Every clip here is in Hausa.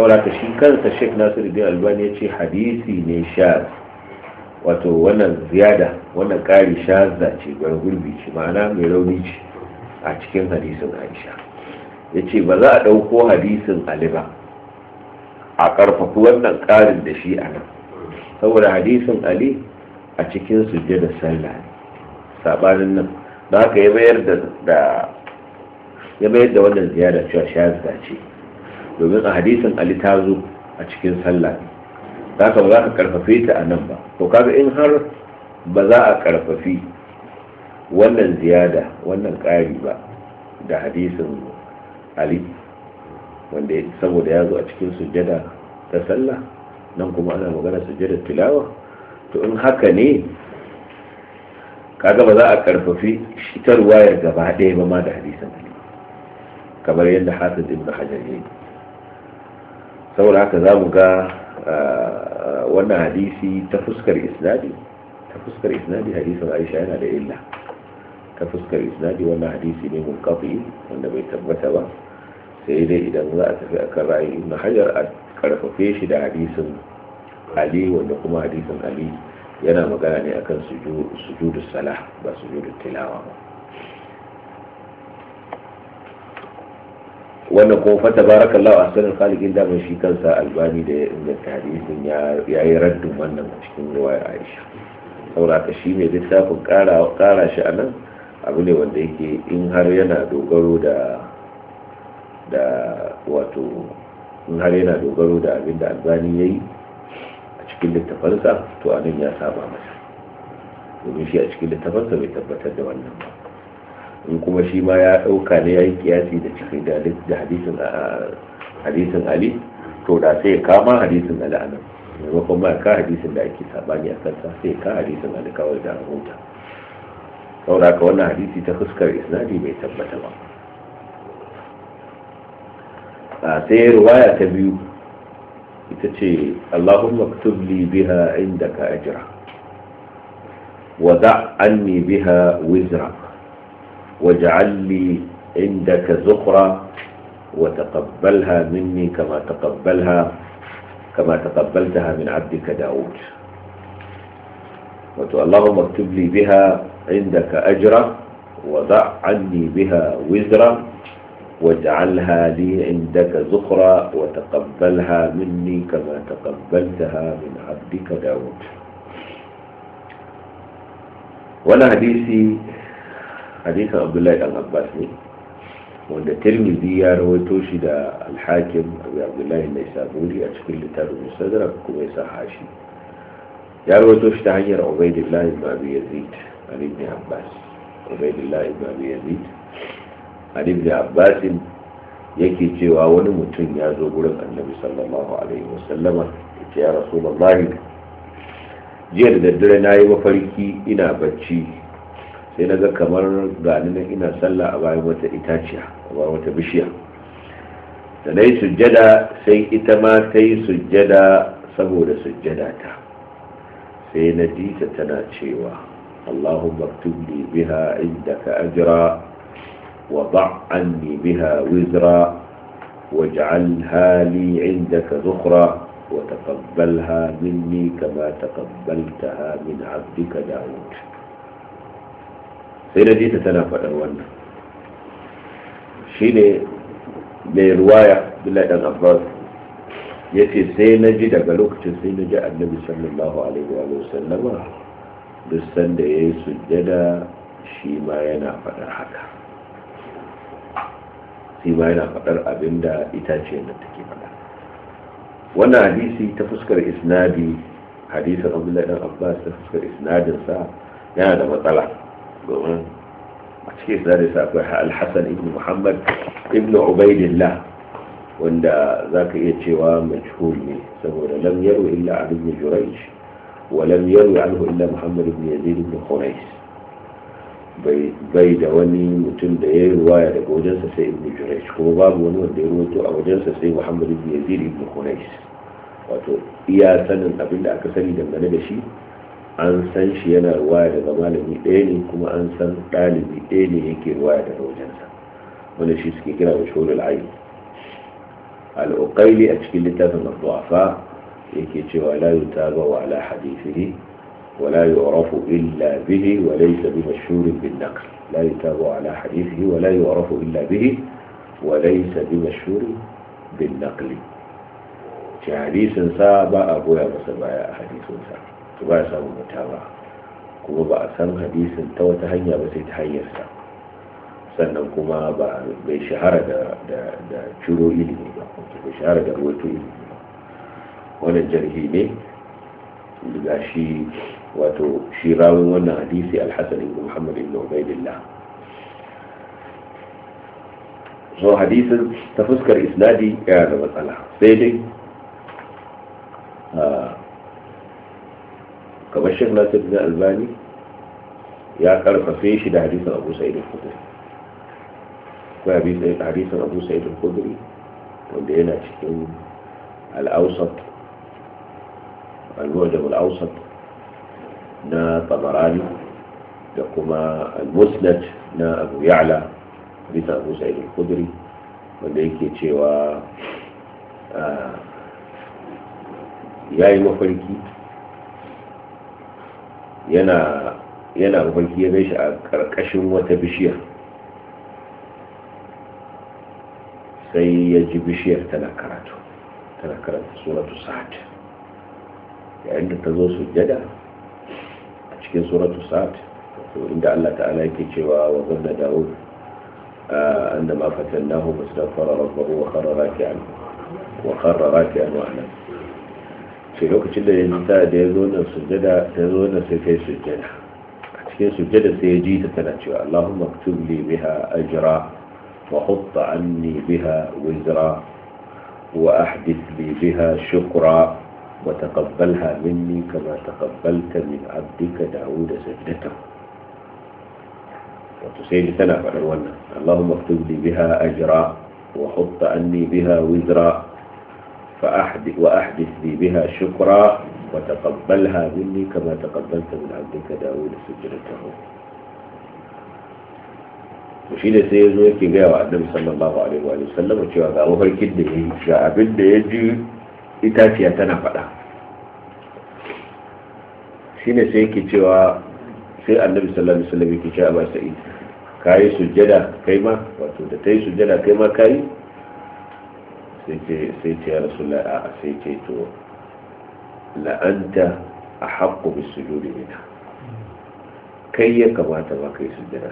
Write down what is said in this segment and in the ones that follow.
saboda ta shi kansa sheikh nasir bin albani ya ce hadisi ne sha wato wannan ziyada wannan ƙari shazza ce gurbi ce ma'ana mai rauni ce a cikin hadisin aisha ya ce ba za a ɗauko hadisin ali ba a ƙarfafi wannan ƙarin da shi a nan saboda hadisin ali a cikin suje da sallah ne saɓanin nan da haka ya mayar da wannan ziyada cewa shazza ce domin a hadisin ali ta zo a cikin sallah za ka ba za ka karfafe ta a nan ba to kaga in har ba za a karfafi wannan ziyada wannan ƙari ba da hadisin ali wanda saboda ya zo a cikin sujjada ta sallah nan kuma ana magana sujjada tilawa to in haka ne kaga ba za a karfafi shitarwayar gaba ɗaya ba ma da hadisan kamar yadda hasan ibn hajar ya yi saboda haka za mu ga wannan hadisi ta fuskar isnadi ta fuskar isnadi hadisin aisha yana da illa ta fuskar isnadi wannan hadisi ne mun kafi wanda bai tabbata ba sai dai idan za a tafi akan ra'ayi na hajar a karfafe shi da hadisin ali wanda kuma hadisin ali yana magana ne akan sujudu salah ba sujudu tilawa ba wannan kuma fa tabarakallahu ahsanul khaliqin da shi kansa albani da ya inganta ya yi raddin wannan cikin riwayar Aisha saboda ka shi mai littafin kara kara shi anan abu ne wanda yake in har yana dogaro da da wato in har yana dogaro da abin da albani yayi a cikin littafansa to anan ya saba masa domin shi a cikin littafansa bai tabbatar da wannan ba in kuma shi ma ya ɗauka ne ya yi kiyasi da cikin da hadisin ali to da sai kama hadisin ali anan maimakon ma ka hadisin da ake sabani a kansa sai ka hadisin ali kawai da rahoton saboda ka wannan hadisi ta fuskar isnadi mai tabbata ba a sai ruwaya ta biyu ita ce allahumma ktub li biha wa ajra wada anni biha wizra واجعل لي عندك زخرة وتقبلها مني كما تقبلها كما تقبلتها من عبدك داود وتقول اللهم اكتب لي بها عندك أجرا وضع عني بها وزرا واجعلها لي عندك زخرة وتقبلها مني كما تقبلتها من عبدك داود ولا حديثي hadisin abdullahi dan abbas ne wanda tirmidhi ya rawaito shi da alhakim abu abdullahi mai saburi a cikin littafin musadara kuma ya sa shi ya rawaito shi ta hanyar ubaidillah Babu abi yazid an ibn abbas ubaidillah Babu abi yazid an ibn abbas yake cewa wani mutum ya zo gurin annabi sallallahu alaihi wasallama ya ce ya rasu rasulullahi jiya da daddare na yi mafarki ina bacci sai na ga kamar gani na ina sallah a bayan wata itaciya a bayan wata bishiya da na yi sujjada sai ita ma ta yi sujjada saboda sujjada ta sai na dita tana cewa allahumma tubli biha indaka ajira wa ba'anni biha wizra inda ka zuhra ذخرا وتقبلها مني hamin تقبلتها من عبدك داود sai na ji ta tana faɗar wannan shi ne mai ruwaya bila ɗan abbas ya ce sai na ji daga lokacin sai na ji annabi sallallahu alaihi wa sallama duk sanda ya yi sujjada shi ma yana faɗar haka shi ma yana faɗar abin da ce da take faɗa wannan hadisi ta fuskar isnadi hadisin abdullahi dan abbas ta fuskar isnadinsa yana da matsala domin a cikin sinadar sa akwai alhassan ibn muhammad ibn ubaidillah wanda za ka iya cewa majhul ne saboda lam yarwi illa an ibn jurayj wa lam yarwi alhu illa muhammad ibn yazid ibn khunais bai da wani mutum da ya yi ruwaya daga wajensa sai ibn jurayj kuma babu wani wanda ya ruwato a wajensa sai muhammad ibn yazid ibn khunais wato iya sanin abin da aka sani dangane da shi an san shi yana ruwaya daga malami ɗaya ne kuma an san ɗalibi ɗaya ne yake ruwaya daga wajensa wanda shi suke kira da shorin ayi al'uƙaili a cikin littafin abdu'afa yake cewa ta ba wa ala hadithihi ala يعرف إلا به وليس بمشهور بالنقل لا يتابع على حديثه ولا يعرف إلا به وليس بمشهور بالنقل حديث سابع أبويا مسبايا حديث سابع to ba samu samun ba kuma ba a san hadisin ta wata hanya ba sai ta hanyarsa sannan kuma ba bai shahara da da ilimi ba bai shahara da ruwato ilimi ba wannan jarhi ne daga shi wato shi rawin wannan hadisi alhassan ibn muhammad ibn ubaidillah so hadisin ta fuskar isnadi yana da matsala sai dai shek nasir bin albani ya karfafe shi da hadisin abu sa'id al-khudri ko hadisin abu sa'id al-khudri wanda yana cikin al-awsat al-mu'jam al-awsat na tabarani da kuma al-musnad na abu ya'la hadisin abu sa'id al-khudri wanda yake cewa ah, ya yi mafarki yana yana mafarki ya shi a ƙarƙashin wata bishiyar sai ya ji bishiyar tana karatu tana karanta suratu sa'ad yayin da ta zo su jada a cikin suratu sa'ad to inda Allah ta'ala yake cewa wa zanna dawud annama fatannahu fastaghfara rabbahu wa kharra raki'an wa kharra raki'an wa anan ce lokacin da ya da ya zo nan sujjada ta zo nan sai kai sujjada a cikin sujjada sai ya ji ta tana cewa Allahumma aktub li biha ajra wa hutta anni biha wizra wa ahdith li biha shukra wa taqabbalha minni kama taqabbalta min abdika Dawud sajdata wato sai tana faɗar wannan Allahumma aktub li biha ajra wa hutta anni biha wizra فأحدث وأحدث لي بها شكرا وتقبلها مني كما تقبلت من عبدك داود سجرته shi da sai ya zo yake gaya wa annabi sallallahu alaihi wa sallam cewa ga mafarkin da yayi ga abin da ya ji itaciya tana faɗa shi ne sai yake cewa sai annabi sallallahu alaihi wa sallam yake cewa ba sai kayi sujjada kai ma wato da ta yi sujjada kai ma kayi sai ce ya rasu la'a sai ce to la'anta a haƙƙo bi su juri mina kai ya kamata ba kai su jira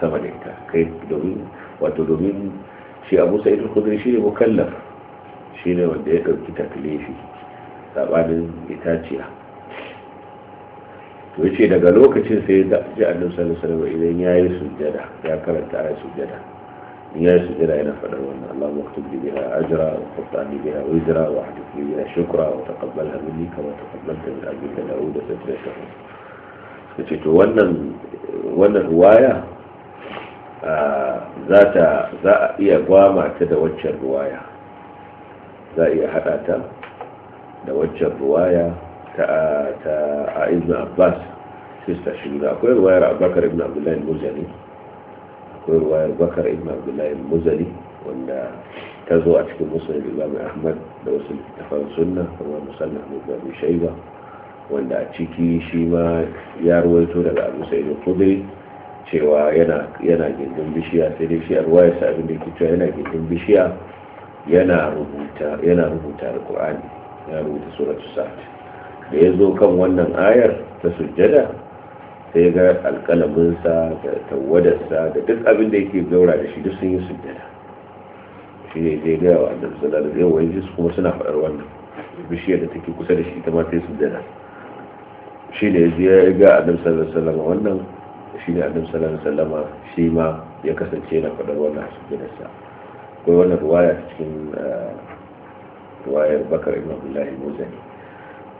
sama da ita kai domin wato domin shi abu sai al kudin shi ne mukallaf shi ne wanda ya ɗauki taklifi sabanin itaciya to ce daga lokacin sai ya ji annabi sallallahu alaihi wasallam idan yayi sujjada ya karanta ayat sujjada يا سيدنا إلى فرعون اللهم اكتب لي بها أجرا وحط لي بها وزرا واحدث لي بها شكرا وتقبلها مني كما تقبلت من أبيك داود فترة شهر فتيت ونن هواية آه، ذات ذا إيا قوامة تدوجه الرواية ذا إيا حتى دوجه الرواية تا تا ابن عباس تستشهد أقول رواية أبو بكر ابن عبد الله المزني akwai ruwayar bakar ibn abdullahi muzali wanda ta zo a cikin musulun imam ahmad da wasu littafan sunna kamar musallar ibn shaiba wanda a ciki shi ma ya ruwaito daga abu sa'id khudri cewa yana yana gindin bishiya sai dai shi a ruwayar sa da yana gindin bishiya yana rubuta da rubuta ya rubuta suratul sa'd da ya zo kan wannan ayar ta sujjada sai ga alkalaminsa da tawadarsa da duk abin da yake gaura da shi duk sun yi sujjada shi ne zai gaya wa annabi sallallahu alaihi wasallam yayin su kuma suna faɗar wannan bishiyar da take kusa da shi ita ma ta yi sujjada shi ne zai ga annabi sallallahu alaihi wasallam wannan shi ne annabi sallallahu alaihi wasallam shi ma ya kasance na faɗar wannan sujjadarsa akwai wannan ruwaya cikin eh, ruwayar bakar ibn abdullahi muzani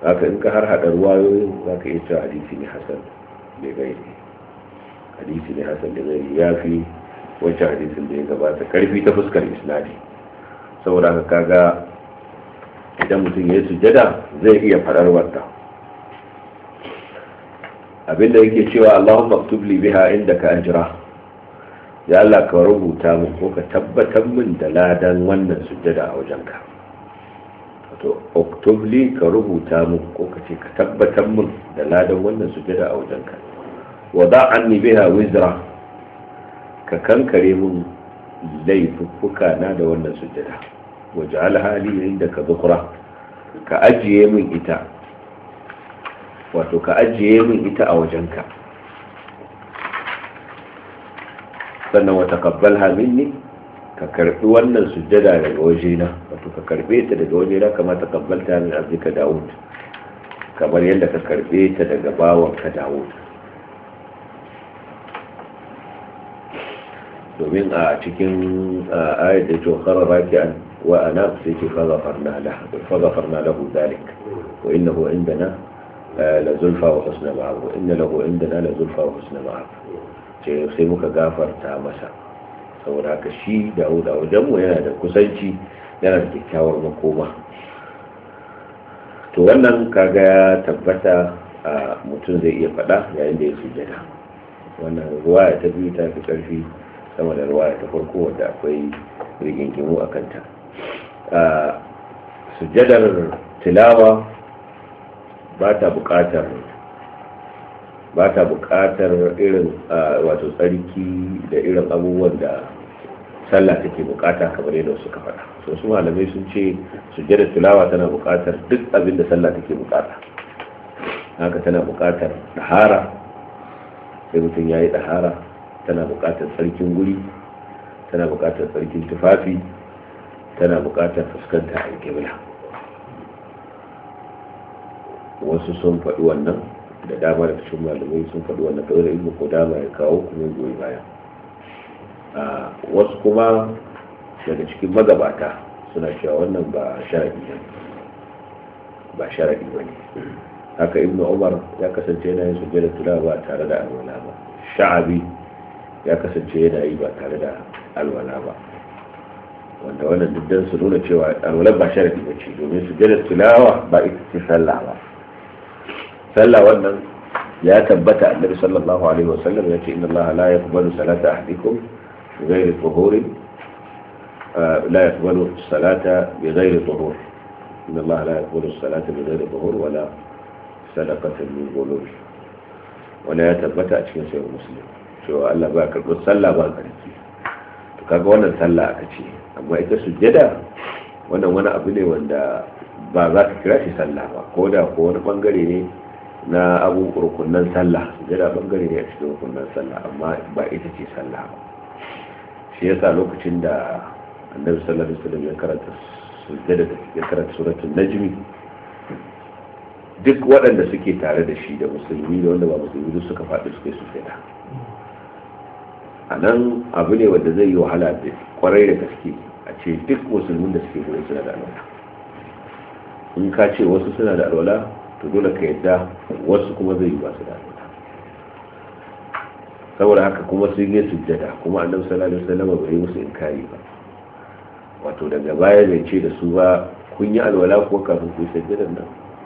haka in ka har haɗa ruwayoyin za ka iya cewa hadisi ne hasan ne hasan da zai ya fi wancan hadisin da ya gabata karfi ta fuskar isnadi saboda haka kaga idan mutum ya sujada zai iya farar wata abinda yake cewa Allahumma maktub li biha ka ajira ya Allah ka rubuta min ko ka tabbatar min da ladan wannan sujada a wajenka to oktubli ka rubuta min ko ka ce ka tabbatar min da ladan wannan sujada a wajenka wa da anni biha wizra ka kankare mun laifuffuka na da wannan sujjada waje alhali inda ka zukura ka ajiye min ita wato ka ajiye min ita a wajenka sannan wata kabbal minni ka karbi wannan sujjada daga wajena wato ka karbe ta daga wajena kamar ta kabbalta min abdika dawud kamar yadda ka karbe ta daga bawanka dawud domin a cikin ayat da cewa karara ki an wa ana sai ce fagafarna da dalik wa innahu na, eh, la zulfa wa husna ma'ab na inna lahu na, la zulfa wa husna ma'ab ce sai muka gafarta masa saboda haka shi dawo da wajen mu yana da kusanci yana da kyakkyawar makoma to wannan kaga ya tabbata mutum zai iya faɗa yayin da ya sujjada wannan ruwa ta biyu ta fi ƙarfi sama da ruwa ta farko wadda akwai rigingimu a kanta sujjadar tilawa ba ta buƙatar ba ta buƙatar irin wato tsarki da irin abubuwan da sallah take buƙata kamar yadda suka faɗa so su malamai sun ce sujjadar tilawa tana buƙatar duk abin da sallah take buƙata haka tana buƙatar ɗahara sai mutum ya yi ɗahara tana buƙatar tsarkin guri tana buƙatar tsarkin tufafi tana buƙatar fuskanta a kibla wasu sun faɗi wannan da dama da cikin malamai sun faɗi wannan kawai da ko dama ya kawo kuma goyi baya wasu kuma daga cikin magabata suna cewa wannan ba sharadi ne ba sharadi ba ne haka ibnu umar ya kasance yana yin sujjada tulawa ba tare da alwala ba sha'abi ya kasance yana yi ba tare da alwala ba wanda wannan duddan su nuna cewa alwala ba sharadi ba ce domin su jada tilawa ba ita ce sallah ba sallah wannan ya tabbata annabi sallallahu alaihi wasallam ya ce inna allaha la yaqbalu salata ahdikum بغير طهور لا يقبل الصلاة بغير طهور إن الله لا يقبل الصلاة بغير طهور ولا صدقة من غلول ولا يتبتأ في مسلم cewa Allah ba karɓar sallah ba tsarki to kaga wannan sallah aka ce amma ita sujjada wannan wani abu ne wanda ba za ka kira shi sallah ba ko da ko wani bangare ne na abu rukunnan sallah sujjada bangare ne a cikin rukunnan sallah amma ba ita ce sallah ba shi yasa lokacin da annabi sallallahu alaihi wasallam ya karanta sujjada da ya karanta suratul najmi duk waɗanda suke tare da shi da musulmi da wanda ba musulmi duk suka faɗi suka yi sujjada a nan abu ne wanda zai yi wahala da kwarai da gaske a ce duk musulmin da suke gudun suna da alwala in ka ce wasu suna da alwala to dole ka yadda wasu kuma zai yi ba su da alwala saboda haka kuma sun yi sujjada kuma annabi sallallahu alaihi wasallam bai musu inkari ba wato daga baya bai ce da su ba kun yi alwala ko kafin ku sujjada nan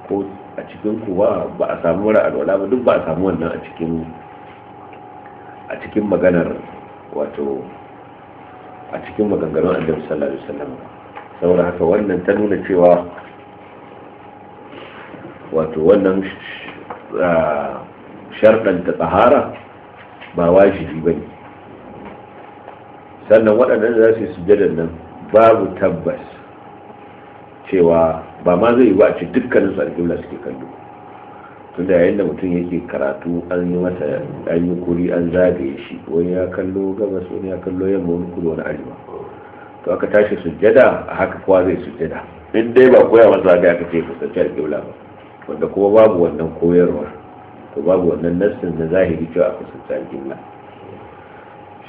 ko a cikin ku ba ba a samu mara alwala ba duk ba a samu wannan a cikin a cikin maganar wato a cikin maganganun annabi sallallahu alaihi wasallam saboda haka wannan ta nuna cewa wato wannan ta tsahara ba wajibi ba ne sannan waɗannan za su yi sujadar nan babu tabbas cewa ba ma zai yi ba ce dukkanin su alƙibla suke kallo da yayin da mutum yake karatu an yi masa an yi kuri an zagaye shi wani ya kallo gabas wani ya kallo yamma wani kudu wani arewa to aka tashi sujjada a haka kowa zai sujjada in dai ba koya masa zagaya aka ce kusanci alƙibla ba wanda kuma babu wannan koyarwa to babu wannan nassin na zahiri cewa a kusanci alƙibla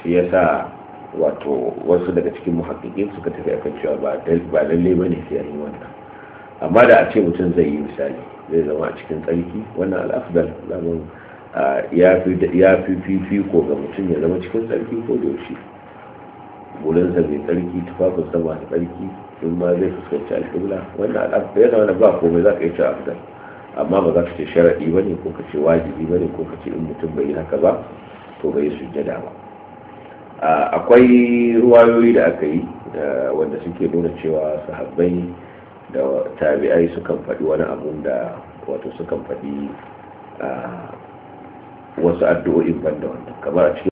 shi ya sa wato wasu daga cikin muhakkikin suka tafi akan cewa ba lalle ne sai an yi wannan amma da a ce mutum zai yi misali zai zama a cikin tsarki wannan al'afdal zaman ya fi fifiko ga mutum ya zama cikin tsarki ko da yaushe bulansa mai tsarki sama da tsarki in ma zai fuskanci alƙibla wannan al'afdal yana wani ba komai za ka yi cewa afdal amma ba za ka ce sharaɗi ba ne ko ka ce wajibi ba ne ko ka ce in mutum bai yi haka ba to bai sujjada ba akwai ruwayoyi da aka yi eh, wanda suke nuna cewa sahabbai da tabi'ai sukan faɗi wani abu da wato sukan faɗi ah, wasu addu'o'in ban da wannan kamar a cikin